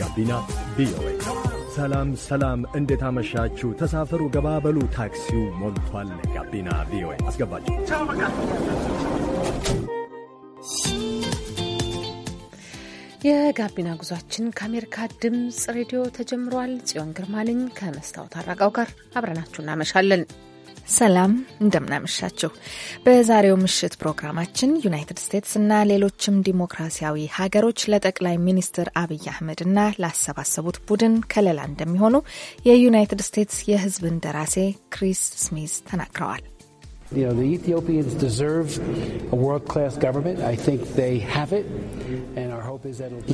ጋቢና ቪኦኤ። ሰላም ሰላም፣ እንዴት አመሻችሁ? ተሳፈሩ፣ ገባበሉ፣ ታክሲው ሞልቷል። ጋቢና ቪኦኤ አስገባችሁ። የጋቢና ጉዟችን ከአሜሪካ ድምፅ ሬዲዮ ተጀምሯል። ጽዮን ግርማ ነኝ ከመስታወት አራጋው ጋር አብረናችሁ እናመሻለን። ሰላም እንደምናመሻችሁ። በዛሬው ምሽት ፕሮግራማችን ዩናይትድ ስቴትስ እና ሌሎችም ዲሞክራሲያዊ ሀገሮች ለጠቅላይ ሚኒስትር አብይ አህመድ እና ላሰባሰቡት ቡድን ከለላ እንደሚሆኑ የዩናይትድ ስቴትስ የሕዝብ እንደራሴ ክሪስ ስሚዝ ተናግረዋል።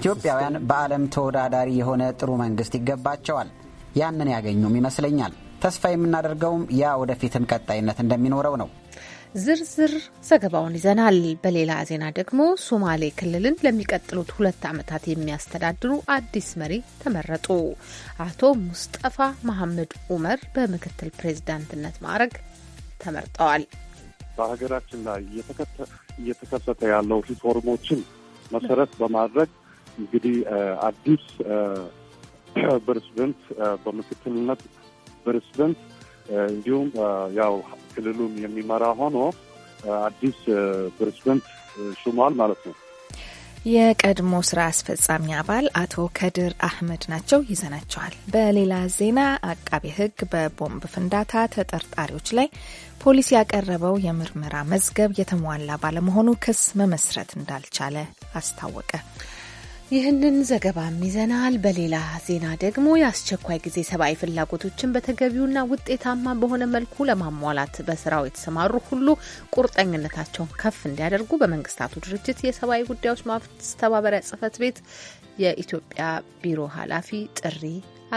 ኢትዮጵያውያን በዓለም ተወዳዳሪ የሆነ ጥሩ መንግስት ይገባቸዋል። ያንን ያገኙም ይመስለኛል። ተስፋ የምናደርገውም ያ ወደፊትም ቀጣይነት እንደሚኖረው ነው። ዝርዝር ዘገባውን ይዘናል። በሌላ ዜና ደግሞ ሶማሌ ክልልን ለሚቀጥሉት ሁለት ዓመታት የሚያስተዳድሩ አዲስ መሪ ተመረጡ። አቶ ሙስጠፋ መሐመድ ኡመር በምክትል ፕሬዝዳንትነት ማዕረግ ተመርጠዋል። በሀገራችን ላይ እየተከሰተ ያለው ሪፎርሞችን መሰረት በማድረግ እንግዲህ አዲስ ፕሬዚደንት በምክትልነት ፕሬዝደንት እንዲሁም ያው ክልሉን የሚመራ ሆኖ አዲስ ፕሬዝደንት ሹሟል ማለት ነው። የቀድሞ ስራ አስፈጻሚ አባል አቶ ከድር አህመድ ናቸው። ይዘናቸዋል። በሌላ ዜና አቃቤ ሕግ በቦምብ ፍንዳታ ተጠርጣሪዎች ላይ ፖሊስ ያቀረበው የምርመራ መዝገብ የተሟላ ባለመሆኑ ክስ መመስረት እንዳልቻለ አስታወቀ። ይህንን ዘገባም ይዘናል። በሌላ ዜና ደግሞ የአስቸኳይ ጊዜ ሰብአዊ ፍላጎቶችን በተገቢውና ውጤታማ በሆነ መልኩ ለማሟላት በስራው የተሰማሩ ሁሉ ቁርጠኝነታቸውን ከፍ እንዲያደርጉ በመንግስታቱ ድርጅት የሰብአዊ ጉዳዮች ማስተባበሪያ ጽህፈት ቤት የኢትዮጵያ ቢሮ ኃላፊ ጥሪ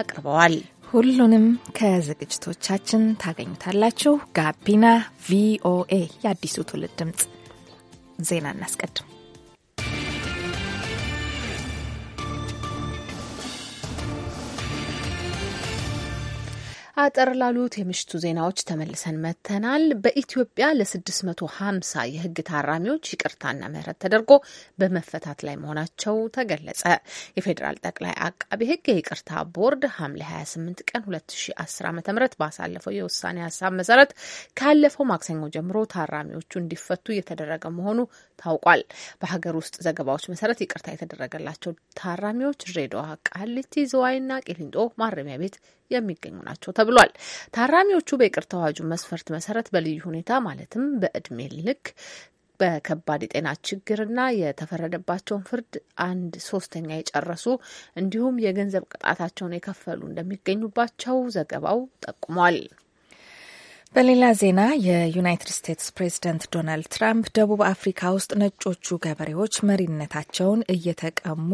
አቅርበዋል። ሁሉንም ከዝግጅቶቻችን ታገኙታላችሁ። ጋቢና ቪኦኤ የአዲሱ ትውልድ ድምፅ ዜና እናስቀድም። አጠር ላሉት የምሽቱ ዜናዎች ተመልሰን መጥተናል። በኢትዮጵያ ለ650 የህግ ታራሚዎች ይቅርታና ምህረት ተደርጎ በመፈታት ላይ መሆናቸው ተገለጸ። የፌዴራል ጠቅላይ አቃቢ ህግ የይቅርታ ቦርድ ሐምሌ 28 ቀን 2010 ዓ ም ባሳለፈው የውሳኔ ሀሳብ መሰረት ካለፈው ማክሰኞ ጀምሮ ታራሚዎቹ እንዲፈቱ እየተደረገ መሆኑ ታውቋል። በሀገር ውስጥ ዘገባዎች መሰረት ይቅርታ የተደረገላቸው ታራሚዎች ድሬዳዋ፣ ቃሊቲ፣ ዝዋይና ቂሊንጦ ማረሚያ ቤት የሚገኙ ናቸው ተብሏል። ታራሚዎቹ በይቅር ተዋጁ መስፈርት መሰረት በልዩ ሁኔታ ማለትም በእድሜ ልክ በከባድ የጤና ችግርና የተፈረደባቸውን ፍርድ አንድ ሶስተኛ የጨረሱ እንዲሁም የገንዘብ ቅጣታቸውን የከፈሉ እንደሚገኙባቸው ዘገባው ጠቁሟል። በሌላ ዜና የዩናይትድ ስቴትስ ፕሬዝደንት ዶናልድ ትራምፕ ደቡብ አፍሪካ ውስጥ ነጮቹ ገበሬዎች መሪነታቸውን እየተቀሙ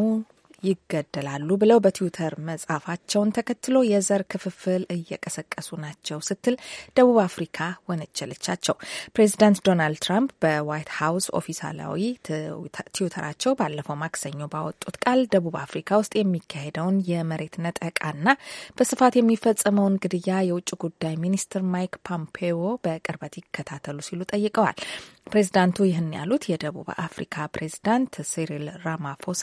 ይገደላሉ ብለው በትዊተር መጻፋቸውን ተከትሎ የዘር ክፍፍል እየቀሰቀሱ ናቸው ስትል ደቡብ አፍሪካ ወነጀለቻቸው። ፕሬዚዳንት ዶናልድ ትራምፕ በዋይት ሀውስ ኦፊሳላዊ ትዊተራቸው ባለፈው ማክሰኞ ባወጡት ቃል ደቡብ አፍሪካ ውስጥ የሚካሄደውን የመሬት ነጠቃና በስፋት የሚፈጸመውን ግድያ የውጭ ጉዳይ ሚኒስትር ማይክ ፖምፔዮ በቅርበት ይከታተሉ ሲሉ ጠይቀዋል። ፕሬዝዳንቱ ይህን ያሉት የደቡብ አፍሪካ ፕሬዝዳንት ሲሪል ራማፎሳ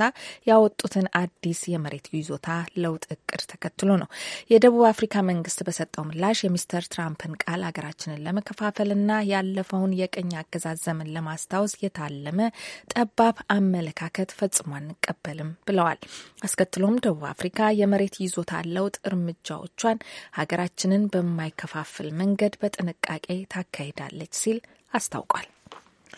ያወጡትን አዲስ የመሬት ይዞታ ለውጥ እቅድ ተከትሎ ነው። የደቡብ አፍሪካ መንግስት በሰጠው ምላሽ የሚስተር ትራምፕን ቃል ሀገራችንን ለመከፋፈልና ያለፈውን የቅኝ አገዛዝ ዘመን ለማስታወስ የታለመ ጠባብ አመለካከት ፈጽሞ አንቀበልም ብለዋል። አስከትሎም ደቡብ አፍሪካ የመሬት ይዞታ ለውጥ እርምጃዎቿን ሀገራችንን በማይከፋፍል መንገድ በጥንቃቄ ታካሂዳለች ሲል አስታውቋል።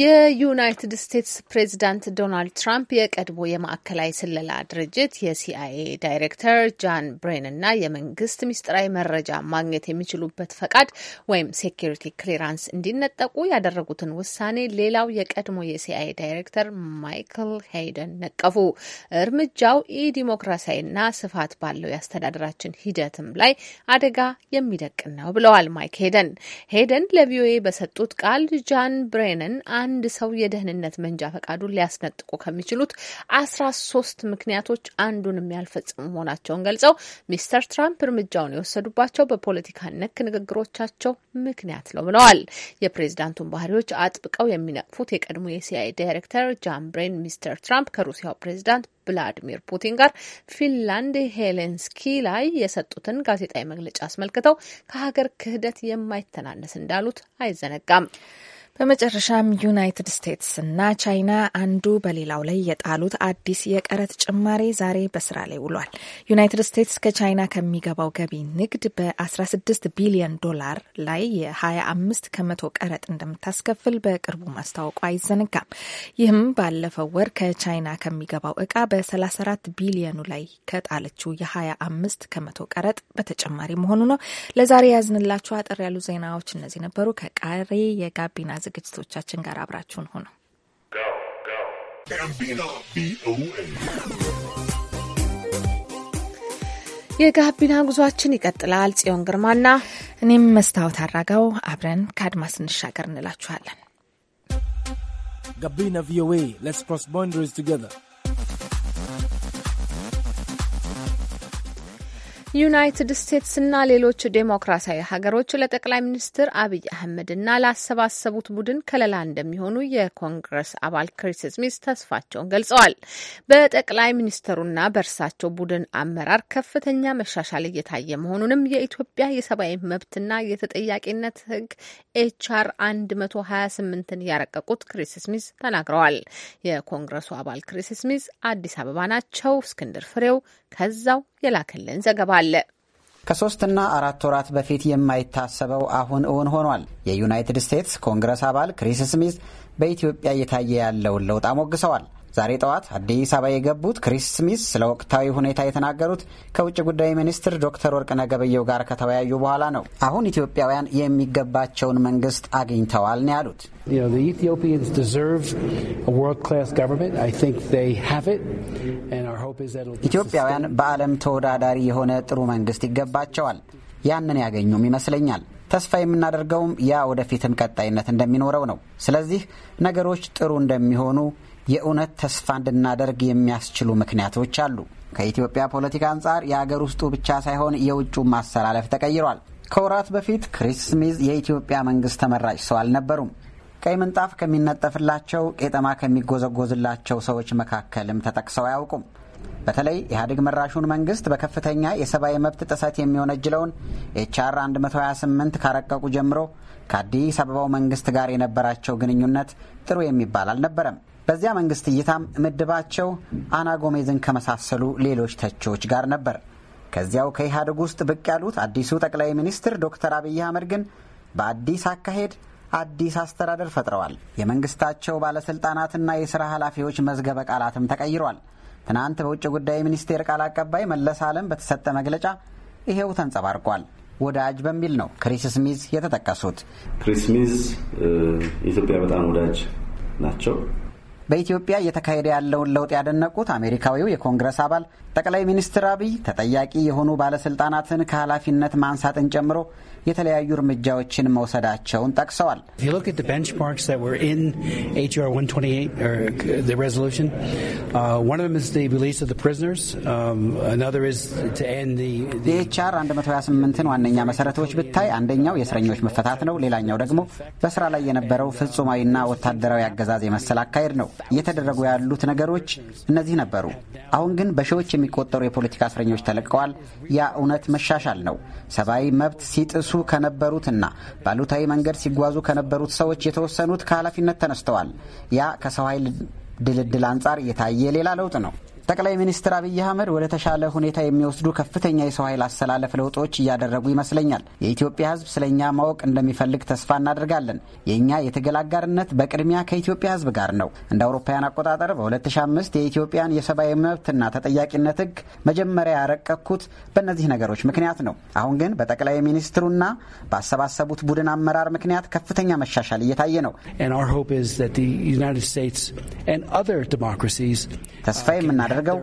የዩናይትድ ስቴትስ ፕሬዚዳንት ዶናልድ ትራምፕ የቀድሞ የማዕከላዊ ስለላ ድርጅት የሲአይኤ ዳይሬክተር ጃን ብሬን እና የመንግስት ምስጢራዊ መረጃ ማግኘት የሚችሉበት ፈቃድ ወይም ሴኪሪቲ ክሊራንስ እንዲነጠቁ ያደረጉትን ውሳኔ ሌላው የቀድሞ የሲአይኤ ዳይሬክተር ማይክል ሄይደን ነቀፉ። እርምጃው ኢዲሞክራሲያዊና ስፋት ባለው የአስተዳደራችን ሂደትም ላይ አደጋ የሚደቅን ነው ብለዋል ማይክ ሄደን። ሄደን ለቪኦኤ በሰጡት ቃል ጃን ብሬንን አንድ ሰው የደህንነት መንጃ ፈቃዱን ሊያስነጥቁ ከሚችሉት አስራ ሶስት ምክንያቶች አንዱን የሚያልፈጽሙ መሆናቸውን ገልጸው ሚስተር ትራምፕ እርምጃውን የወሰዱባቸው በፖለቲካ ነክ ንግግሮቻቸው ምክንያት ነው ብለዋል። የፕሬዚዳንቱን ባህሪዎች አጥብቀው የሚነቅፉት የቀድሞ የሲአይ ዳይሬክተር ጃን ብሬን ሚስተር ትራምፕ ከሩሲያው ፕሬዚዳንት ቭላዲሚር ፑቲን ጋር ፊንላንድ ሄሌንስኪ ላይ የሰጡትን ጋዜጣዊ መግለጫ አስመልክተው ከሀገር ክህደት የማይተናነስ እንዳሉት አይዘነጋም። በመጨረሻም ዩናይትድ ስቴትስና ቻይና አንዱ በሌላው ላይ የጣሉት አዲስ የቀረጥ ጭማሬ ዛሬ በስራ ላይ ውሏል። ዩናይትድ ስቴትስ ከቻይና ከሚገባው ገቢ ንግድ በ16 ቢሊዮን ዶላር ላይ የ25 ከመቶ ቀረጥ እንደምታስከፍል በቅርቡ ማስታወቁ አይዘነጋም። ይህም ባለፈው ወር ከቻይና ከሚገባው እቃ በ34 ቢሊዮኑ ላይ ከጣለችው የ25 ከመቶ ቀረጥ በተጨማሪ መሆኑ ነው። ለዛሬ ያዝንላችሁ አጠር ያሉ ዜናዎች እነዚህ ነበሩ። ከቃሬ የጋቢና ዝግጅቶቻችን ጋር አብራችሁን ሆነ የጋቢና ጉዟችን ይቀጥላል። ጽዮን ግርማና እኔም መስታወት አራጋው አብረን ከአድማስ እንሻገር እንላችኋለን። ጋቢና ቪኦኤ ሌትስ ክሮስ ቦንደሪስ ቱጌዘር ዩናይትድ ስቴትስና ሌሎች ዴሞክራሲያዊ ሀገሮች ለጠቅላይ ሚኒስትር አብይ አህመድና ላሰባሰቡት ቡድን ከለላ እንደሚሆኑ የኮንግረስ አባል ክሪስ ስሚስ ተስፋቸውን ገልጸዋል። በጠቅላይ ሚኒስትሩና በእርሳቸው ቡድን አመራር ከፍተኛ መሻሻል እየታየ መሆኑንም የኢትዮጵያ የሰብአዊ መብትና የተጠያቂነት ሕግ ኤችአር 128ን ያረቀቁት ክሪስ ስሚስ ተናግረዋል። የኮንግረሱ አባል ክሪስ ስሚስ አዲስ አበባ ናቸው። እስክንድር ፍሬው ከዛው የላከልን ዘገባ አለ። ከሶስትና አራት ወራት በፊት የማይታሰበው አሁን እውን ሆኗል። የዩናይትድ ስቴትስ ኮንግረስ አባል ክሪስ ስሚዝ በኢትዮጵያ እየታየ ያለውን ለውጥ አሞግሰዋል። ዛሬ ጠዋት አዲስ አበባ የገቡት ክሪስ ስሚስ ስለ ወቅታዊ ሁኔታ የተናገሩት ከውጭ ጉዳይ ሚኒስትር ዶክተር ወርቅነህ ገበየሁ ጋር ከተወያዩ በኋላ ነው። አሁን ኢትዮጵያውያን የሚገባቸውን መንግስት አግኝተዋል ነው ያሉት። ኢትዮጵያውያን በዓለም ተወዳዳሪ የሆነ ጥሩ መንግስት ይገባቸዋል። ያንን ያገኙም ይመስለኛል። ተስፋ የምናደርገውም ያ ወደፊትም ቀጣይነት እንደሚኖረው ነው። ስለዚህ ነገሮች ጥሩ እንደሚሆኑ የእውነት ተስፋ እንድናደርግ የሚያስችሉ ምክንያቶች አሉ። ከኢትዮጵያ ፖለቲካ አንጻር የአገር ውስጡ ብቻ ሳይሆን የውጩ ማሰላለፍ ተቀይሯል። ከወራት በፊት ክሪስ ስሚዝ የኢትዮጵያ መንግስት ተመራጭ ሰው አልነበሩም። ቀይ ምንጣፍ ከሚነጠፍላቸው፣ ቄጠማ ከሚጎዘጎዝላቸው ሰዎች መካከልም ተጠቅሰው አያውቁም። በተለይ ኢህአዴግ መራሹን መንግስት በከፍተኛ የሰብአዊ መብት ጥሰት የሚወነጅለውን ኤችአር 128 ካረቀቁ ጀምሮ ከአዲስ አበባው መንግስት ጋር የነበራቸው ግንኙነት ጥሩ የሚባል አልነበረም። በዚያ መንግስት እይታም ምድባቸው አና ጎሜዝን ከመሳሰሉ ሌሎች ተቺዎች ጋር ነበር። ከዚያው ከኢህአዴግ ውስጥ ብቅ ያሉት አዲሱ ጠቅላይ ሚኒስትር ዶክተር አብይ አህመድ ግን በአዲስ አካሄድ አዲስ አስተዳደር ፈጥረዋል። የመንግስታቸው ባለስልጣናትና የሥራ ኃላፊዎች መዝገበ ቃላትም ተቀይሯል። ትናንት በውጭ ጉዳይ ሚኒስቴር ቃል አቀባይ መለስ ዓለም በተሰጠ መግለጫ ይሄው ተንጸባርቋል። ወዳጅ በሚል ነው ክሪስ ስሚዝ የተጠቀሱት። ክሪስ ስሚዝ ኢትዮጵያ በጣም ወዳጅ ናቸው። በኢትዮጵያ እየተካሄደ ያለውን ለውጥ ያደነቁት አሜሪካዊው የኮንግረስ አባል ጠቅላይ ሚኒስትር አብይ ተጠያቂ የሆኑ ባለስልጣናትን ከኃላፊነት ማንሳትን ጨምሮ የተለያዩ እርምጃዎችን መውሰዳቸውን ጠቅሰዋል። uh, uh, um, የኤችአር 128ን ዋነኛ መሰረቶች ብታይ አንደኛው የእስረኞች መፈታት ነው። ሌላኛው ደግሞ በስራ ላይ የነበረው ፍጹማዊና ወታደራዊ አገዛዝ የመሰል አካሄድ ነው። እየተደረጉ ያሉት ነገሮች እነዚህ ነበሩ። አሁን ግን በሺዎች የሚቆጠሩ የፖለቲካ እስረኞች ተለቀዋል። ያ እውነት መሻሻል ነው። ሰብአዊ መብት ሲጥሱ ሲያነሱ ከነበሩትና ባሉታዊ መንገድ ሲጓዙ ከነበሩት ሰዎች የተወሰኑት ከኃላፊነት ተነስተዋል። ያ ከሰው ኃይል ድልድል አንጻር የታየ ሌላ ለውጥ ነው። ጠቅላይ ሚኒስትር አብይ አህመድ ወደ ተሻለ ሁኔታ የሚወስዱ ከፍተኛ የሰው ኃይል አሰላለፍ ለውጦች እያደረጉ ይመስለኛል። የኢትዮጵያ ሕዝብ ስለ እኛ ማወቅ እንደሚፈልግ ተስፋ እናደርጋለን። የእኛ የትግል አጋርነት በቅድሚያ ከኢትዮጵያ ሕዝብ ጋር ነው። እንደ አውሮፓውያን አቆጣጠር በ2005 የኢትዮጵያን የሰብአዊ መብትና ተጠያቂነት ሕግ መጀመሪያ ያረቀኩት በእነዚህ ነገሮች ምክንያት ነው። አሁን ግን በጠቅላይ ሚኒስትሩና ባሰባሰቡት ቡድን አመራር ምክንያት ከፍተኛ መሻሻል እየታየ ነው። ተስፋ አድርገው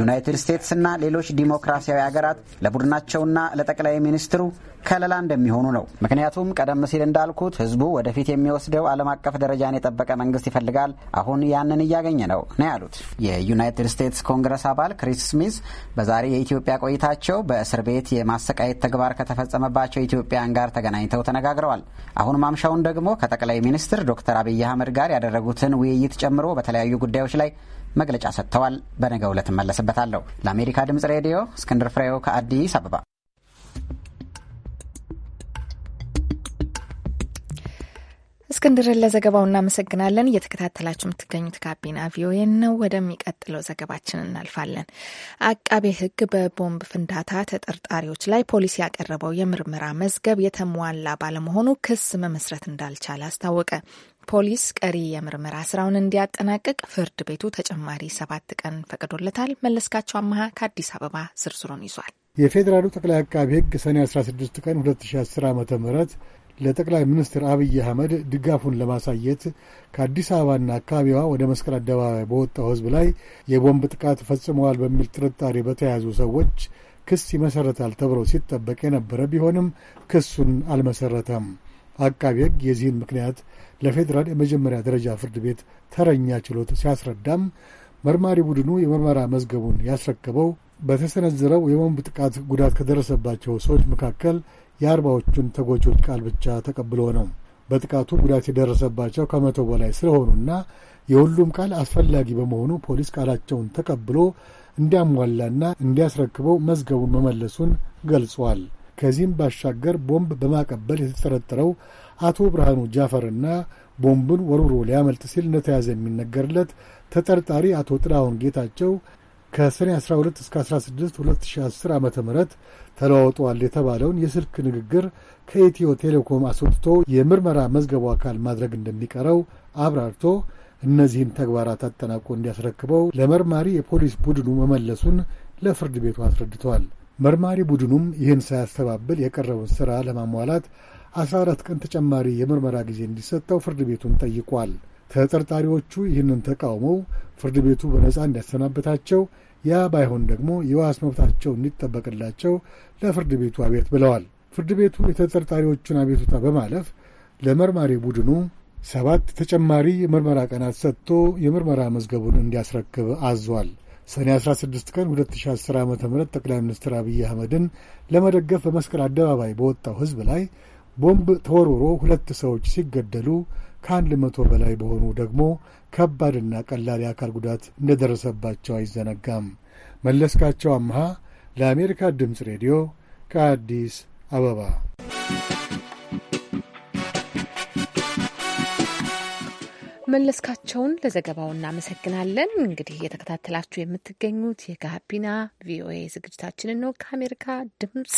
ዩናይትድ ስቴትስና ሌሎች ዲሞክራሲያዊ ሀገራት ለቡድናቸውና ለጠቅላይ ሚኒስትሩ ከለላ እንደሚሆኑ ነው። ምክንያቱም ቀደም ሲል እንዳልኩት ህዝቡ ወደፊት የሚወስደው ዓለም አቀፍ ደረጃን የጠበቀ መንግስት ይፈልጋል። አሁን ያንን እያገኘ ነው ነው ያሉት የዩናይትድ ስቴትስ ኮንግረስ አባል ክሪስ ስሚዝ በዛሬ የኢትዮጵያ ቆይታቸው በእስር ቤት የማሰቃየት ተግባር ከተፈጸመባቸው ኢትዮጵያን ጋር ተገናኝተው ተነጋግረዋል። አሁን ማምሻውን ደግሞ ከጠቅላይ ሚኒስትር ዶክተር አብይ አህመድ ጋር ያደረጉትን ውይይት ጨምሮ በተለያዩ ጉዳዮች ላይ መግለጫ ሰጥተዋል። በነገ ዕለት እመለስበታለሁ። ለአሜሪካ ድምፅ ሬዲዮ እስክንድር ፍሬው ከአዲስ አበባ። እስክንድርን ለዘገባው እናመሰግናለን። እየተከታተላችሁ የምትገኙት ጋቢና ቪኦኤ ነው። ወደሚቀጥለው ዘገባችን እናልፋለን። አቃቤ ሕግ በቦምብ ፍንዳታ ተጠርጣሪዎች ላይ ፖሊስ ያቀረበው የምርመራ መዝገብ የተሟላ ባለመሆኑ ክስ መመስረት እንዳልቻለ አስታወቀ። ፖሊስ ቀሪ የምርመራ ስራውን እንዲያጠናቅቅ ፍርድ ቤቱ ተጨማሪ ሰባት ቀን ፈቅዶለታል። መለስካቸው አመሃ ከአዲስ አበባ ዝርዝሩን ይዟል። የፌዴራሉ ጠቅላይ አቃቢ ሕግ ሰኔ 16 ቀን 2010 ዓ ም ለጠቅላይ ሚኒስትር አብይ አህመድ ድጋፉን ለማሳየት ከአዲስ አበባና አካባቢዋ ወደ መስቀል አደባባይ በወጣው ሕዝብ ላይ የቦምብ ጥቃት ፈጽመዋል በሚል ጥርጣሬ በተያያዙ ሰዎች ክስ ይመሰረታል ተብሎ ሲጠበቅ የነበረ ቢሆንም ክሱን አልመሰረተም። አቃቢ ሕግ የዚህን ምክንያት ለፌዴራል የመጀመሪያ ደረጃ ፍርድ ቤት ተረኛ ችሎት ሲያስረዳም መርማሪ ቡድኑ የምርመራ መዝገቡን ያስረከበው በተሰነዘረው የቦምብ ጥቃት ጉዳት ከደረሰባቸው ሰዎች መካከል የአርባዎቹን ተጎጂዎች ቃል ብቻ ተቀብሎ ነው። በጥቃቱ ጉዳት የደረሰባቸው ከመቶ በላይ ስለሆኑና የሁሉም ቃል አስፈላጊ በመሆኑ ፖሊስ ቃላቸውን ተቀብሎ እንዲያሟላና እንዲያስረክበው መዝገቡን መመለሱን ገልጿል። ከዚህም ባሻገር ቦምብ በማቀበል የተጠረጠረው አቶ ብርሃኑ ጃፈርና ቦምብን ወርውሮ ሊያመልጥ ሲል እንደተያዘ የሚነገርለት ተጠርጣሪ አቶ ጥላሁን ጌታቸው ከሰኔ 12 እስከ 16 2010 ዓ ም ተለዋውጠዋል የተባለውን የስልክ ንግግር ከኢትዮ ቴሌኮም አስወጥቶ የምርመራ መዝገቡ አካል ማድረግ እንደሚቀረው አብራርቶ እነዚህን ተግባራት አጠናቆ እንዲያስረክበው ለመርማሪ የፖሊስ ቡድኑ መመለሱን ለፍርድ ቤቱ አስረድተዋል። መርማሪ ቡድኑም ይህን ሳያስተባብል የቀረውን ሥራ ለማሟላት 14 ቀን ተጨማሪ የምርመራ ጊዜ እንዲሰጠው ፍርድ ቤቱን ጠይቋል። ተጠርጣሪዎቹ ይህንን ተቃውመው ፍርድ ቤቱ በነጻ እንዲያሰናበታቸው፣ ያ ባይሆን ደግሞ የዋስ መብታቸው እንዲጠበቅላቸው ለፍርድ ቤቱ አቤት ብለዋል። ፍርድ ቤቱ የተጠርጣሪዎቹን አቤቱታ በማለፍ ለመርማሪ ቡድኑ ሰባት ተጨማሪ የምርመራ ቀናት ሰጥቶ የምርመራ መዝገቡን እንዲያስረክብ አዟል። ሰኔ 16 ቀን 2010 ዓ ም ጠቅላይ ሚኒስትር አብይ አህመድን ለመደገፍ በመስቀል አደባባይ በወጣው ህዝብ ላይ ቦምብ ተወርውሮ ሁለት ሰዎች ሲገደሉ ከአንድ መቶ በላይ በሆኑ ደግሞ ከባድና ቀላል የአካል ጉዳት እንደደረሰባቸው አይዘነጋም። መለስካቸው አምሃ ለአሜሪካ ድምፅ ሬዲዮ ከአዲስ አበባ መለስካቸውን ለዘገባው እናመሰግናለን። እንግዲህ እየተከታተላችሁ የምትገኙት የጋቢና ቪኦኤ ዝግጅታችንን ነው። ከአሜሪካ ድምጽ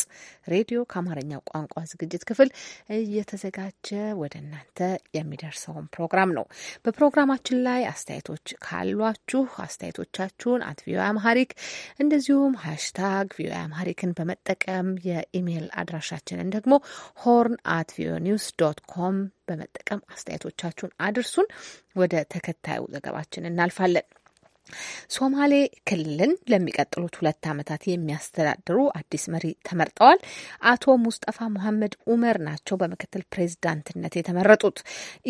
ሬዲዮ ከአማርኛው ቋንቋ ዝግጅት ክፍል እየተዘጋጀ ወደ እናንተ የሚደርሰውን ፕሮግራም ነው። በፕሮግራማችን ላይ አስተያየቶች ካሏችሁ አስተያየቶቻችሁን አት ቪኦኤ አምሃሪክ እንደዚሁም ሃሽታግ ቪኦኤ አምሃሪክን በመጠቀም የኢሜይል አድራሻችንን ደግሞ ሆርን አት ቪኦኤ ኒውስ ዶት ኮም በመጠቀም አስተያየቶቻችሁን አድርሱን። ወደ ተከታዩ ዘገባችን እናልፋለን። ሶማሌ ክልልን ለሚቀጥሉት ሁለት ዓመታት የሚያስተዳድሩ አዲስ መሪ ተመርጠዋል። አቶ ሙስጠፋ መሐመድ ኡመር ናቸው በምክትል ፕሬዝዳንትነት የተመረጡት።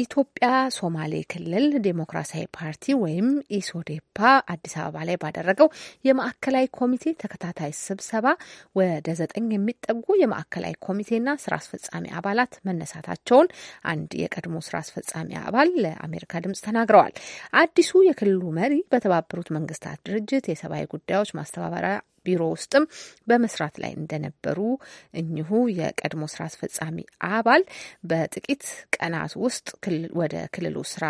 ኢትዮጵያ ሶማሌ ክልል ዴሞክራሲያዊ ፓርቲ ወይም ኢሶዴፓ አዲስ አበባ ላይ ባደረገው የማዕከላዊ ኮሚቴ ተከታታይ ስብሰባ ወደ ዘጠኝ የሚጠጉ የማዕከላዊ ኮሚቴና ስራ አስፈጻሚ አባላት መነሳታቸውን አንድ የቀድሞ ስራ አስፈጻሚ አባል ለአሜሪካ ድምጽ ተናግረዋል። አዲሱ የክልሉ መሪ በተባ የተባበሩት መንግስታት ድርጅት የሰብአዊ ጉዳዮች ማስተባበሪያ ቢሮ ውስጥም በመስራት ላይ እንደነበሩ እኚሁ የቀድሞ ስራ አስፈጻሚ አባል በጥቂት ቀናት ውስጥ ወደ ክልሉ ስራ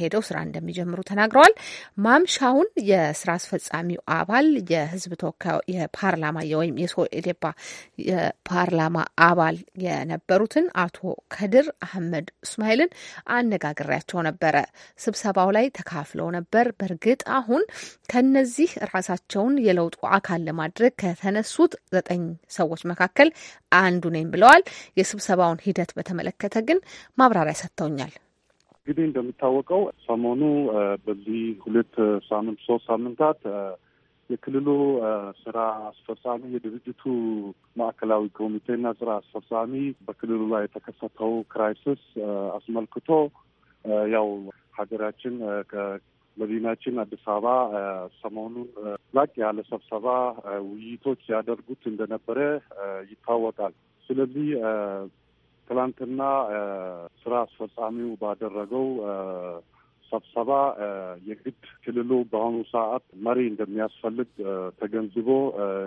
ሄደው ስራ እንደሚጀምሩ ተናግረዋል። ማምሻውን የስራ አስፈጻሚው አባል የህዝብ ተወካዮ የፓርላማ ወይም የሶኤዴፓ የፓርላማ አባል የነበሩትን አቶ ከድር አህመድ እስማኤልን አነጋግሬያቸው ነበረ። ስብሰባው ላይ ተካፍለው ነበር። በእርግጥ አሁን ከነዚህ ራሳቸውን የለውጡ አካል ለማድረግ ከተነሱት ዘጠኝ ሰዎች መካከል አንዱ ነኝ ብለዋል። የስብሰባውን ሂደት በተመለከተ ግን ማብራሪያ ሰጥተውኛል። እንግዲህ እንደሚታወቀው ሰሞኑ በዚህ ሁለት ሳምንት ሶስት ሳምንታት የክልሉ ስራ አስፈጻሚ የድርጅቱ ማዕከላዊ ኮሚቴና ስራ አስፈጻሚ በክልሉ ላይ የተከሰተው ክራይሲስ አስመልክቶ ያው ሀገራችን መዲናችን አዲስ አበባ ሰሞኑን ላቅ ያለ ስብሰባ፣ ውይይቶች ያደርጉት እንደነበረ ይታወቃል። ስለዚህ ትላንትና ስራ አስፈጻሚው ባደረገው ሰብሰባ የግድ ክልሉ በአሁኑ ሰዓት መሪ እንደሚያስፈልግ ተገንዝቦ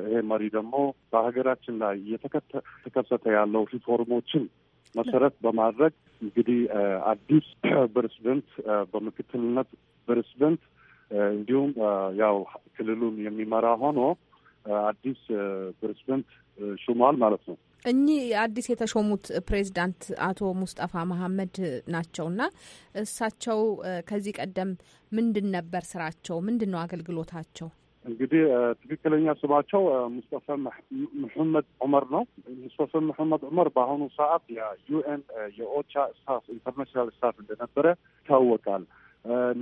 ይሄ መሪ ደግሞ በሀገራችን ላይ እየተከሰተ ያለው ሪፎርሞችን መሰረት በማድረግ እንግዲህ አዲስ ፕሬዚደንት በምክትልነት ፕሬዚደንት እንዲሁም ያው ክልሉን የሚመራ ሆኖ አዲስ ፕሬዚደንት ሹሟል ማለት ነው። እኚህ አዲስ የተሾሙት ፕሬዚዳንት አቶ ሙስጠፋ መሀመድ ናቸውና እሳቸው ከዚህ ቀደም ምንድን ነበር ስራቸው? ምንድን ነው አገልግሎታቸው? እንግዲህ ትክክለኛ ስማቸው ሙስጠፈ መሐመድ ዑመር ነው። ሙስጠፈ መሐመድ ዑመር በአሁኑ ሰዓት የዩኤን የኦቻ ስታፍ ኢንተርናሽናል ስታፍ እንደነበረ ይታወቃል።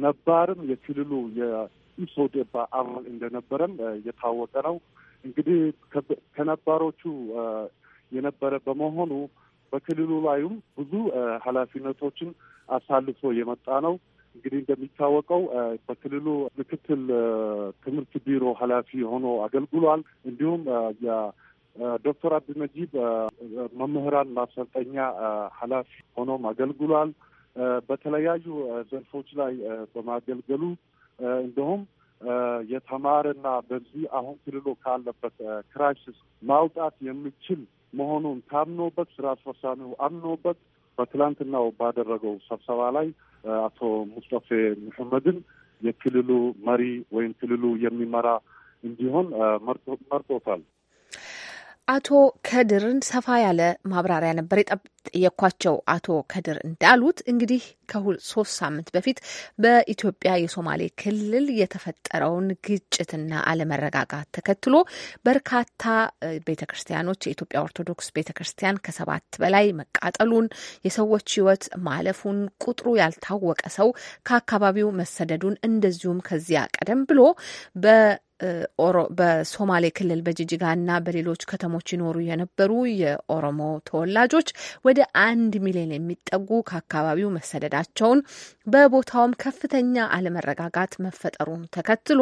ነባርም የክልሉ የኢሶዴፓ አባል እንደነበረም የታወቀ ነው። እንግዲህ ከነባሮቹ የነበረ በመሆኑ በክልሉ ላይም ብዙ ኃላፊነቶችን አሳልፎ የመጣ ነው። እንግዲህ እንደሚታወቀው በክልሉ ምክትል ትምህርት ቢሮ ኃላፊ ሆኖ አገልግሏል። እንዲሁም ዶክተር አብድ ነጂብ መምህራን ማሰልጠኛ ኃላፊ ሆኖም አገልግሏል። በተለያዩ ዘርፎች ላይ በማገልገሉ እንዲሁም የተማረና በዚህ አሁን ክልሉ ካለበት ክራይሲስ ማውጣት የሚችል መሆኑን ታምኖበት ስራ አስፈጻሚው አምኖበት በትላንትናው ባደረገው ስብሰባ ላይ አቶ ሙስጠፌ መሐመድን የክልሉ መሪ ወይም ክልሉ የሚመራ እንዲሆን መርጦታል። አቶ ከድርን ሰፋ ያለ ማብራሪያ ነበር የጠየኳቸው። አቶ ከድር እንዳሉት እንግዲህ ከሶስት ሳምንት በፊት በኢትዮጵያ የሶማሌ ክልል የተፈጠረውን ግጭትና አለመረጋጋት ተከትሎ በርካታ ቤተ ክርስቲያኖች የኢትዮጵያ ኦርቶዶክስ ቤተ ክርስቲያን ከሰባት በላይ መቃጠሉን፣ የሰዎች ሕይወት ማለፉን፣ ቁጥሩ ያልታወቀ ሰው ከአካባቢው መሰደዱን እንደዚሁም ከዚያ ቀደም ብሎ በሶማሌ ክልል በጅጅጋና በሌሎች ከተሞች ይኖሩ የነበሩ የኦሮሞ ተወላጆች ወደ አንድ ሚሊዮን የሚጠጉ ከአካባቢው መሰደዳቸውን በቦታውም ከፍተኛ አለመረጋጋት መፈጠሩን ተከትሎ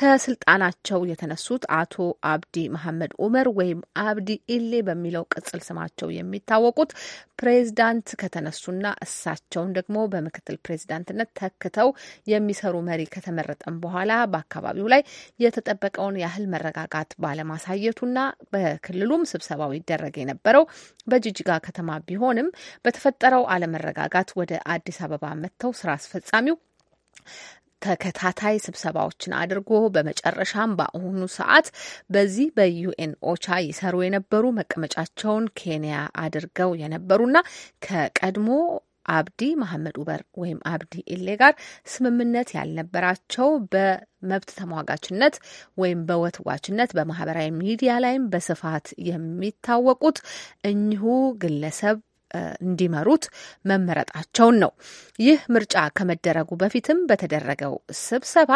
ከስልጣናቸው የተነሱት አቶ አብዲ መሐመድ ኡመር ወይም አብዲ ኢሌ በሚለው ቅጽል ስማቸው የሚታወቁት ፕሬዝዳንት ከተነሱና እሳቸውን ደግሞ በምክትል ፕሬዝዳንትነት ተክተው የሚሰሩ መሪ ከተመረጠም በኋላ በአካባቢው ላይ የተጠበቀውን ያህል መረጋጋት ባለማሳየቱና በክልሉም ስብሰባው ይደረግ የነበረው በጅጅጋ ከተማ ቢሆንም በተፈጠረው አለመረጋጋት ወደ አዲስ አበባ መጥተው ስራ አስፈጻሚው ተከታታይ ስብሰባዎችን አድርጎ በመጨረሻም በአሁኑ ሰዓት በዚህ በዩኤን ኦቻ ይሰሩ የነበሩ መቀመጫቸውን ኬንያ አድርገው የነበሩና ከቀድሞ አብዲ መሐመድ ኡበር ወይም አብዲ ኢሌ ጋር ስምምነት ያልነበራቸው በመብት ተሟጋችነት ወይም በወትዋችነት በማህበራዊ ሚዲያ ላይም በስፋት የሚታወቁት እኚሁ ግለሰብ እንዲመሩት መመረጣቸውን ነው። ይህ ምርጫ ከመደረጉ በፊትም በተደረገው ስብሰባ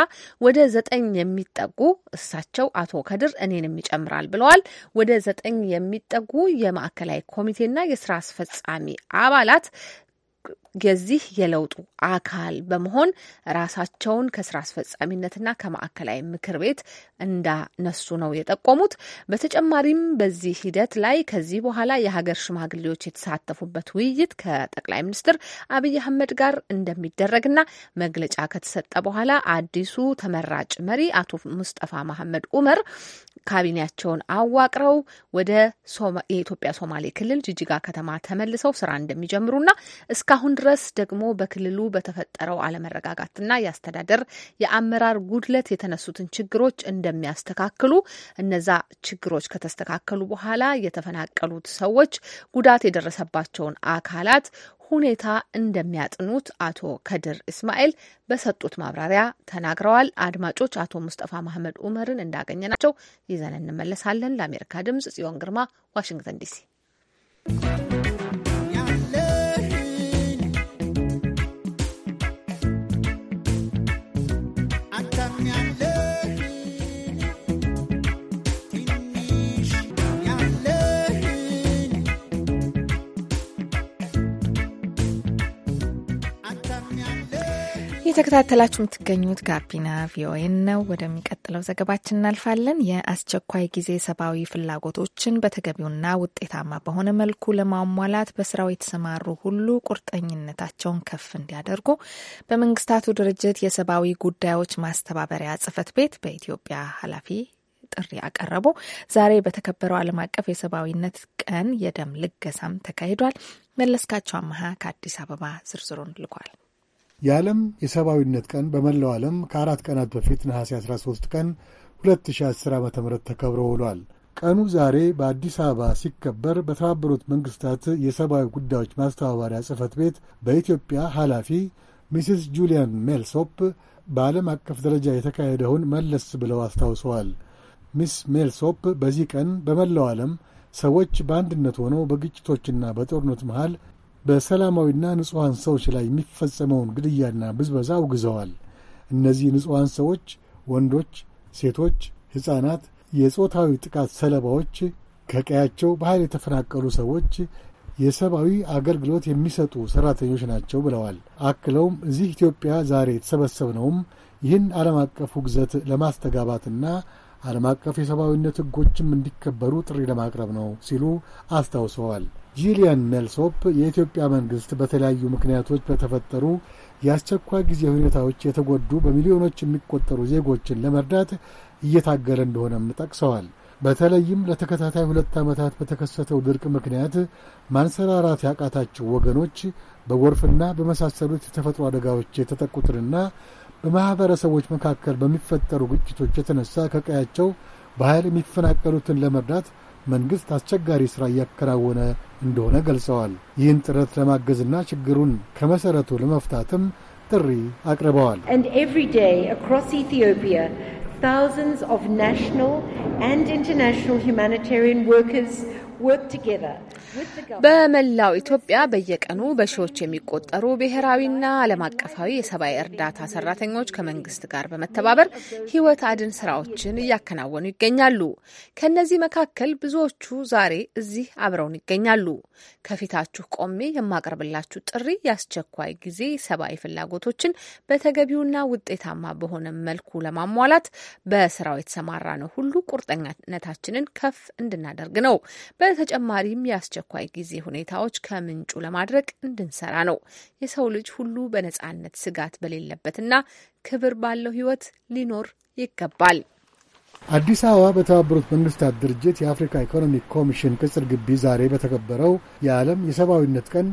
ወደ ዘጠኝ የሚጠጉ እሳቸው አቶ ከድር እኔንም ይጨምራል ብለዋል። ወደ ዘጠኝ የሚጠጉ የማዕከላዊ ኮሚቴና የስራ አስፈጻሚ አባላት የዚህ የለውጡ አካል በመሆን ራሳቸውን ከስራ አስፈጻሚነትና ከማዕከላዊ ምክር ቤት እንዳነሱ ነው የጠቆሙት። በተጨማሪም በዚህ ሂደት ላይ ከዚህ በኋላ የሀገር ሽማግሌዎች የተሳተፉበት ውይይት ከጠቅላይ ሚኒስትር አብይ አህመድ ጋር እንደሚደረግና መግለጫ ከተሰጠ በኋላ አዲሱ ተመራጭ መሪ አቶ ሙስጠፋ መሐመድ ኡመር ካቢኔያቸውን አዋቅረው ወደ የኢትዮጵያ ሶማሌ ክልል ጅጅጋ ከተማ ተመልሰው ስራ እንደሚጀምሩና እስካ እስካሁን ድረስ ደግሞ በክልሉ በተፈጠረው አለመረጋጋትና የአስተዳደር የአመራር ጉድለት የተነሱትን ችግሮች እንደሚያስተካክሉ፣ እነዛ ችግሮች ከተስተካከሉ በኋላ የተፈናቀሉት ሰዎች ጉዳት የደረሰባቸውን አካላት ሁኔታ እንደሚያጥኑት አቶ ከድር እስማኤል በሰጡት ማብራሪያ ተናግረዋል። አድማጮች አቶ ሙስጠፋ መሐመድ ኡመርን እንዳገኘናቸው ይዘን እንመለሳለን። ለአሜሪካ ድምጽ ጽዮን ግርማ ዋሽንግተን ዲሲ። እየተከታተላችሁ የምትገኙት ጋቢና ቪኦኤን ነው። ወደሚቀጥለው ዘገባችን እናልፋለን። የአስቸኳይ ጊዜ ሰብአዊ ፍላጎቶችን በተገቢውና ውጤታማ በሆነ መልኩ ለማሟላት በስራው የተሰማሩ ሁሉ ቁርጠኝነታቸውን ከፍ እንዲያደርጉ በመንግስታቱ ድርጅት የሰብአዊ ጉዳዮች ማስተባበሪያ ጽህፈት ቤት በኢትዮጵያ ኃላፊ ጥሪ አቀረቡ። ዛሬ በተከበረው ዓለም አቀፍ የሰብአዊነት ቀን የደም ልገሳም ተካሂዷል። መለስካቸው አመሀ ከአዲስ አበባ ዝርዝሩን ልኳል። የዓለም የሰብአዊነት ቀን በመላው ዓለም ከአራት ቀናት በፊት ነሐሴ 13 ቀን 2010 ዓ ም ተከብሮ ውሏል። ቀኑ ዛሬ በአዲስ አበባ ሲከበር በተባበሩት መንግስታት የሰብአዊ ጉዳዮች ማስተባበሪያ ጽህፈት ቤት በኢትዮጵያ ኃላፊ ሚስስ ጁሊያን ሜልሶፕ በዓለም አቀፍ ደረጃ የተካሄደውን መለስ ብለው አስታውሰዋል። ሚስ ሜልሶፕ በዚህ ቀን በመላው ዓለም ሰዎች በአንድነት ሆነው በግጭቶችና በጦርነት መሃል በሰላማዊና ንጹሐን ሰዎች ላይ የሚፈጸመውን ግድያና ብዝበዛ አውግዘዋል። እነዚህ ንጹሐን ሰዎች ወንዶች፣ ሴቶች፣ ሕፃናት፣ የጾታዊ ጥቃት ሰለባዎች፣ ከቀያቸው በኃይል የተፈናቀሉ ሰዎች፣ የሰብአዊ አገልግሎት የሚሰጡ ሠራተኞች ናቸው ብለዋል። አክለውም እዚህ ኢትዮጵያ ዛሬ የተሰበሰብነውም ይህን ዓለም አቀፍ ውግዘት ለማስተጋባትና ዓለም አቀፍ የሰብአዊነት ሕጎችም እንዲከበሩ ጥሪ ለማቅረብ ነው ሲሉ አስታውሰዋል። ጂሊያን ሜልሶፕ የኢትዮጵያ መንግሥት በተለያዩ ምክንያቶች በተፈጠሩ የአስቸኳይ ጊዜ ሁኔታዎች የተጎዱ በሚሊዮኖች የሚቆጠሩ ዜጎችን ለመርዳት እየታገለ እንደሆነም ጠቅሰዋል። በተለይም ለተከታታይ ሁለት ዓመታት በተከሰተው ድርቅ ምክንያት ማንሰራራት ያቃታቸው ወገኖች በጎርፍና በመሳሰሉት የተፈጥሮ አደጋዎች የተጠቁትንና በማኅበረሰቦች መካከል በሚፈጠሩ ግጭቶች የተነሳ ከቀያቸው በኃይል የሚፈናቀሉትን ለመርዳት መንግስት አስቸጋሪ ሥራ እያከናወነ እንደሆነ ገልጸዋል። ይህን ጥረት ለማገዝና ችግሩን ከመሠረቱ ለመፍታትም ጥሪ አቅርበዋል። ሁማኒታሪያን ወርከርስ ወርክ ቱጌዘር በመላው ኢትዮጵያ በየቀኑ በሺዎች የሚቆጠሩ ብሔራዊና ዓለም አቀፋዊ የሰብአዊ እርዳታ ሰራተኞች ከመንግስት ጋር በመተባበር ህይወት አድን ስራዎችን እያከናወኑ ይገኛሉ። ከእነዚህ መካከል ብዙዎቹ ዛሬ እዚህ አብረውን ይገኛሉ። ከፊታችሁ ቆሜ የማቀርብላችሁ ጥሪ የአስቸኳይ ጊዜ ሰብአዊ ፍላጎቶችን በተገቢውና ውጤታማ በሆነ መልኩ ለማሟላት በስራው የተሰማራ ነው ሁሉ ቁርጠኛነታችንን ከፍ እንድናደርግ ነው። በተጨማሪም ያስቸ የአስቸኳይ ጊዜ ሁኔታዎች ከምንጩ ለማድረግ እንድንሰራ ነው። የሰው ልጅ ሁሉ በነጻነት ስጋት በሌለበትና ክብር ባለው ሕይወት ሊኖር ይገባል። አዲስ አበባ በተባበሩት መንግስታት ድርጅት የአፍሪካ ኢኮኖሚክ ኮሚሽን ቅጽር ግቢ ዛሬ በተከበረው የዓለም የሰብአዊነት ቀን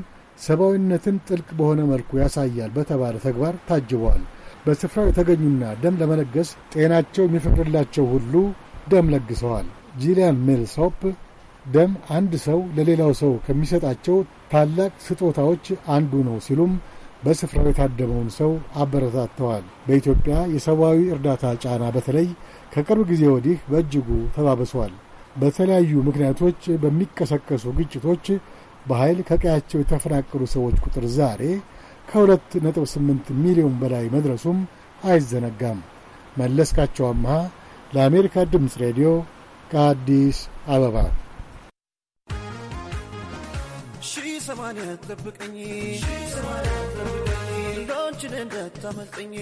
ሰብአዊነትን ጥልቅ በሆነ መልኩ ያሳያል በተባለ ተግባር ታጅበዋል። በስፍራው የተገኙና ደም ለመለገስ ጤናቸው የሚፈቅድላቸው ሁሉ ደም ለግሰዋል። ጂሊያን ሜልሶፕ ደም አንድ ሰው ለሌላው ሰው ከሚሰጣቸው ታላቅ ስጦታዎች አንዱ ነው ሲሉም በስፍራው የታደመውን ሰው አበረታተዋል። በኢትዮጵያ የሰብአዊ እርዳታ ጫና በተለይ ከቅርብ ጊዜ ወዲህ በእጅጉ ተባብሷል። በተለያዩ ምክንያቶች በሚቀሰቀሱ ግጭቶች በኃይል ከቀያቸው የተፈናቀሉ ሰዎች ቁጥር ዛሬ ከ2.8 ሚሊዮን በላይ መድረሱም አይዘነጋም። መለስካቸው አምሃ ለአሜሪካ ድምፅ ሬዲዮ ከአዲስ አበባ ሰማንያ ጠብቀኝ ሎንችን እንዳታመልጠኝ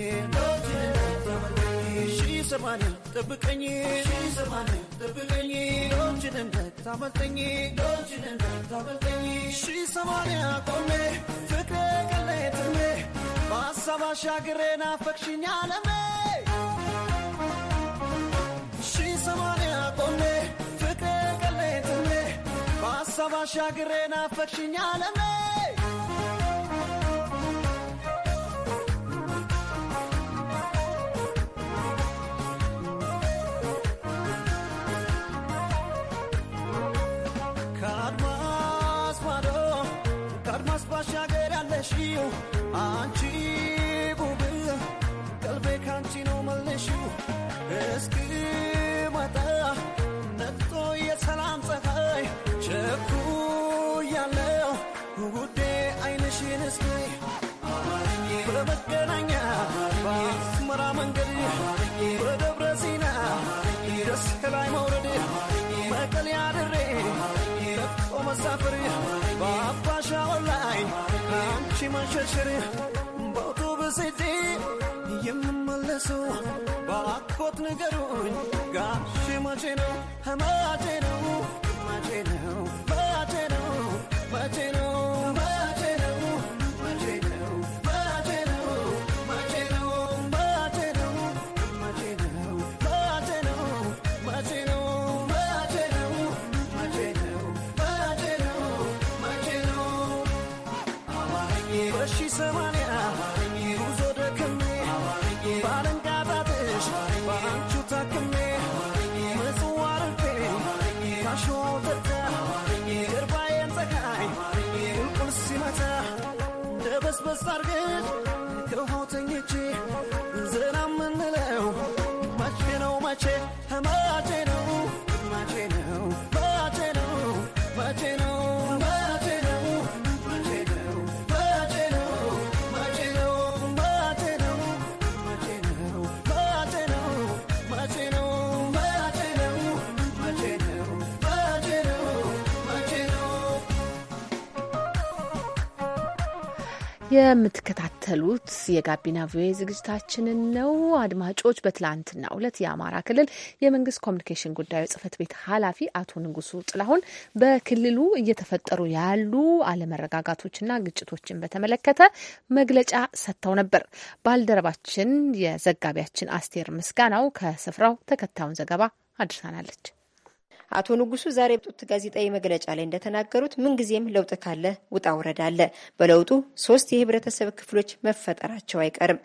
ሺ ሰማንያ ጠብቀኝ ሎንችን እንዳታመልጠኝ ሺ ሰማንያ ቆሜ ፍቅር ቀለትሜ በሀሳብ አሻግሬ ናፈቅሽኝ አለሜ ከሀሳብ አሻግሬ ናፈቅሽኝ አለሜ ከአድማስ ማዶ ከአድማስ ባሻገር ያለሽው አንቺ ቡብ ቀልቤ ካንቺ ነው መልሽው እስኪ መጣ በመገናኛ መራ መንገድ በደብረ ሲና ደስ ከላይ መውረድ መቀሌ አድሬ ለቆ መሳፈር በአባሻ ላይ አንቺ መንሸርሸር በአውቶብስ ሄጄ የምመለሰው በአኮት ንገሩኝ ጋሽ መቼ ነው መቼ ነው መቼ ነው መቼ ነው በስበስ ማቼ ነው ማቼ ተማቼ ነው የምትከታተሉት የጋቢና ቪኦኤ ዝግጅታችንን ነው። አድማጮች፣ በትላንትናው ዕለት የአማራ ክልል የመንግስት ኮሚኒኬሽን ጉዳዮች ጽህፈት ቤት ኃላፊ አቶ ንጉሱ ጥላሁን በክልሉ እየተፈጠሩ ያሉ አለመረጋጋቶችና ግጭቶችን በተመለከተ መግለጫ ሰጥተው ነበር። ባልደረባችን የዘጋቢያችን አስቴር ምስጋናው ከስፍራው ተከታዩን ዘገባ አድርሳናለች። አቶ ንጉሱ ዛሬ በጡት ጋዜጣዊ መግለጫ ላይ እንደተናገሩት ምንጊዜም ለውጥ ካለ ውጣ ውረድ አለ። በለውጡ ሶስት የህብረተሰብ ክፍሎች መፈጠራቸው አይቀርም።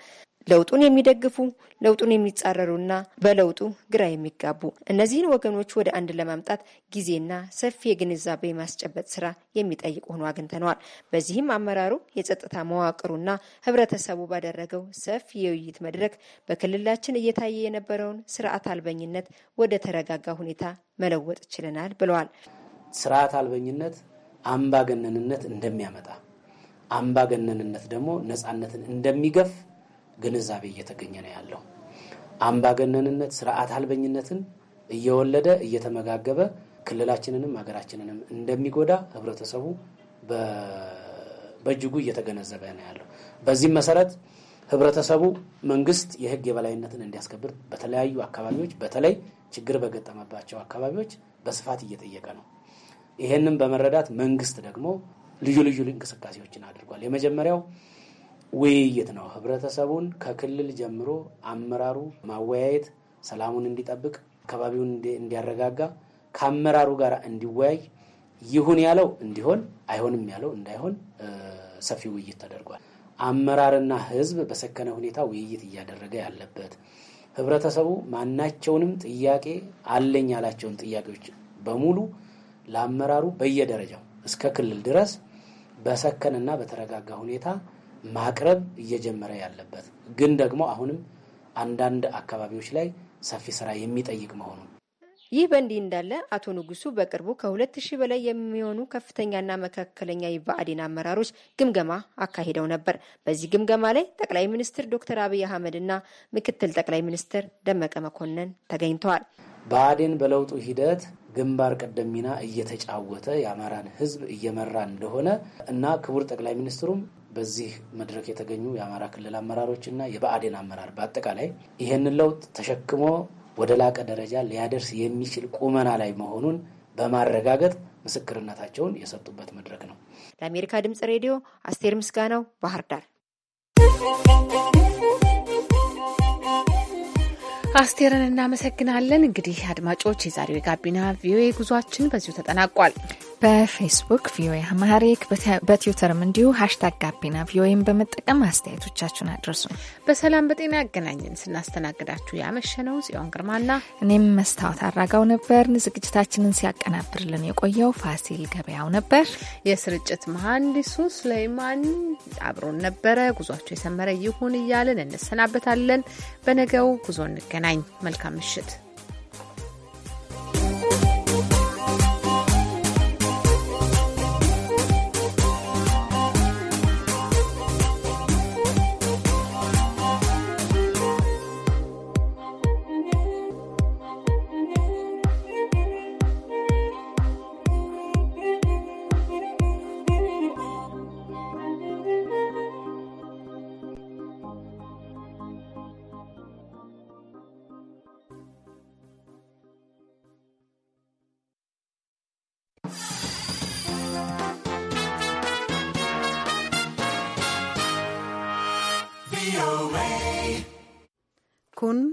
ለውጡን የሚደግፉ ለውጡን የሚጻረሩና በለውጡ ግራ የሚጋቡ እነዚህን ወገኖች ወደ አንድ ለማምጣት ጊዜና ሰፊ የግንዛቤ ማስጨበጥ ስራ የሚጠይቅ ሆኖ አግኝተነዋል። በዚህም አመራሩ የጸጥታ መዋቅሩና ህብረተሰቡ ባደረገው ሰፊ የውይይት መድረክ በክልላችን እየታየ የነበረውን ስርዓት አልበኝነት ወደ ተረጋጋ ሁኔታ መለወጥ ችለናል ብለዋል። ስርዓት አልበኝነት አምባገነንነት እንደሚያመጣ አምባገነንነት ደግሞ ነፃነትን እንደሚገፍ ግንዛቤ እየተገኘ ነው ያለው። አምባገነንነት፣ ስርዓት አልበኝነትን እየወለደ እየተመጋገበ ክልላችንንም ሀገራችንንም እንደሚጎዳ ህብረተሰቡ በእጅጉ እየተገነዘበ ነው ያለው። በዚህም መሰረት ህብረተሰቡ መንግስት የህግ የበላይነትን እንዲያስከብር በተለያዩ አካባቢዎች በተለይ ችግር በገጠመባቸው አካባቢዎች በስፋት እየጠየቀ ነው። ይሄንም በመረዳት መንግስት ደግሞ ልዩ ልዩ እንቅስቃሴዎችን አድርጓል። የመጀመሪያው ውይይት ነው። ህብረተሰቡን ከክልል ጀምሮ አመራሩ ማወያየት ሰላሙን እንዲጠብቅ አካባቢውን እንዲያረጋጋ ከአመራሩ ጋር እንዲወያይ ይሁን ያለው እንዲሆን አይሆንም ያለው እንዳይሆን ሰፊ ውይይት ተደርጓል። አመራርና ህዝብ በሰከነ ሁኔታ ውይይት እያደረገ ያለበት ህብረተሰቡ ማናቸውንም ጥያቄ አለኝ ያላቸውን ጥያቄዎች በሙሉ ለአመራሩ በየደረጃው እስከ ክልል ድረስ በሰከነና በተረጋጋ ሁኔታ ማቅረብ እየጀመረ ያለበት ግን ደግሞ አሁንም አንዳንድ አካባቢዎች ላይ ሰፊ ስራ የሚጠይቅ መሆኑ ይህ በእንዲህ እንዳለ አቶ ንጉሱ በቅርቡ ከሁለት ሺህ በላይ የሚሆኑ ከፍተኛና መካከለኛ የብአዴን አመራሮች ግምገማ አካሂደው ነበር። በዚህ ግምገማ ላይ ጠቅላይ ሚኒስትር ዶክተር አብይ አህመድ እና ምክትል ጠቅላይ ሚኒስትር ደመቀ መኮንን ተገኝተዋል። ብአዴን በለውጡ ሂደት ግንባር ቀደም ሚና እየተጫወተ የአማራን ሕዝብ እየመራ እንደሆነ እና ክቡር ጠቅላይ ሚኒስትሩም በዚህ መድረክ የተገኙ የአማራ ክልል አመራሮች እና የብአዴን አመራር በአጠቃላይ ይህንን ለውጥ ተሸክሞ ወደ ላቀ ደረጃ ሊያደርስ የሚችል ቁመና ላይ መሆኑን በማረጋገጥ ምስክርነታቸውን የሰጡበት መድረክ ነው። ለአሜሪካ ድምጽ ሬዲዮ አስቴር ምስጋናው ባህር ዳር አስቴርን እናመሰግናለን። እንግዲህ አድማጮች የዛሬው የጋቢና ቪኦኤ ጉዟችን በዚሁ ተጠናቋል። በፌስቡክ ቪኦኤ አማሪክ በትዊተርም እንዲሁ ሀሽታግ ጋቢና ቪኦኤም በመጠቀም አስተያየቶቻችሁን አድርሱ። በሰላም በጤና ያገናኘን። ስናስተናግዳችሁ ያመሸነው ጽዮን ግርማና እኔም መስታወት አራጋው ነበር። ዝግጅታችንን ሲያቀናብርልን የቆየው ፋሲል ገበያው ነበር። የስርጭት መሀንዲሱ ስሌይማን አብሮን ነበረ። ጉዟቸው የሰመረ ይሁን እያልን እንሰናበታለን። በነገው ጉዞ እንገናኝ እስክንገናኝ መልካም ምሽት።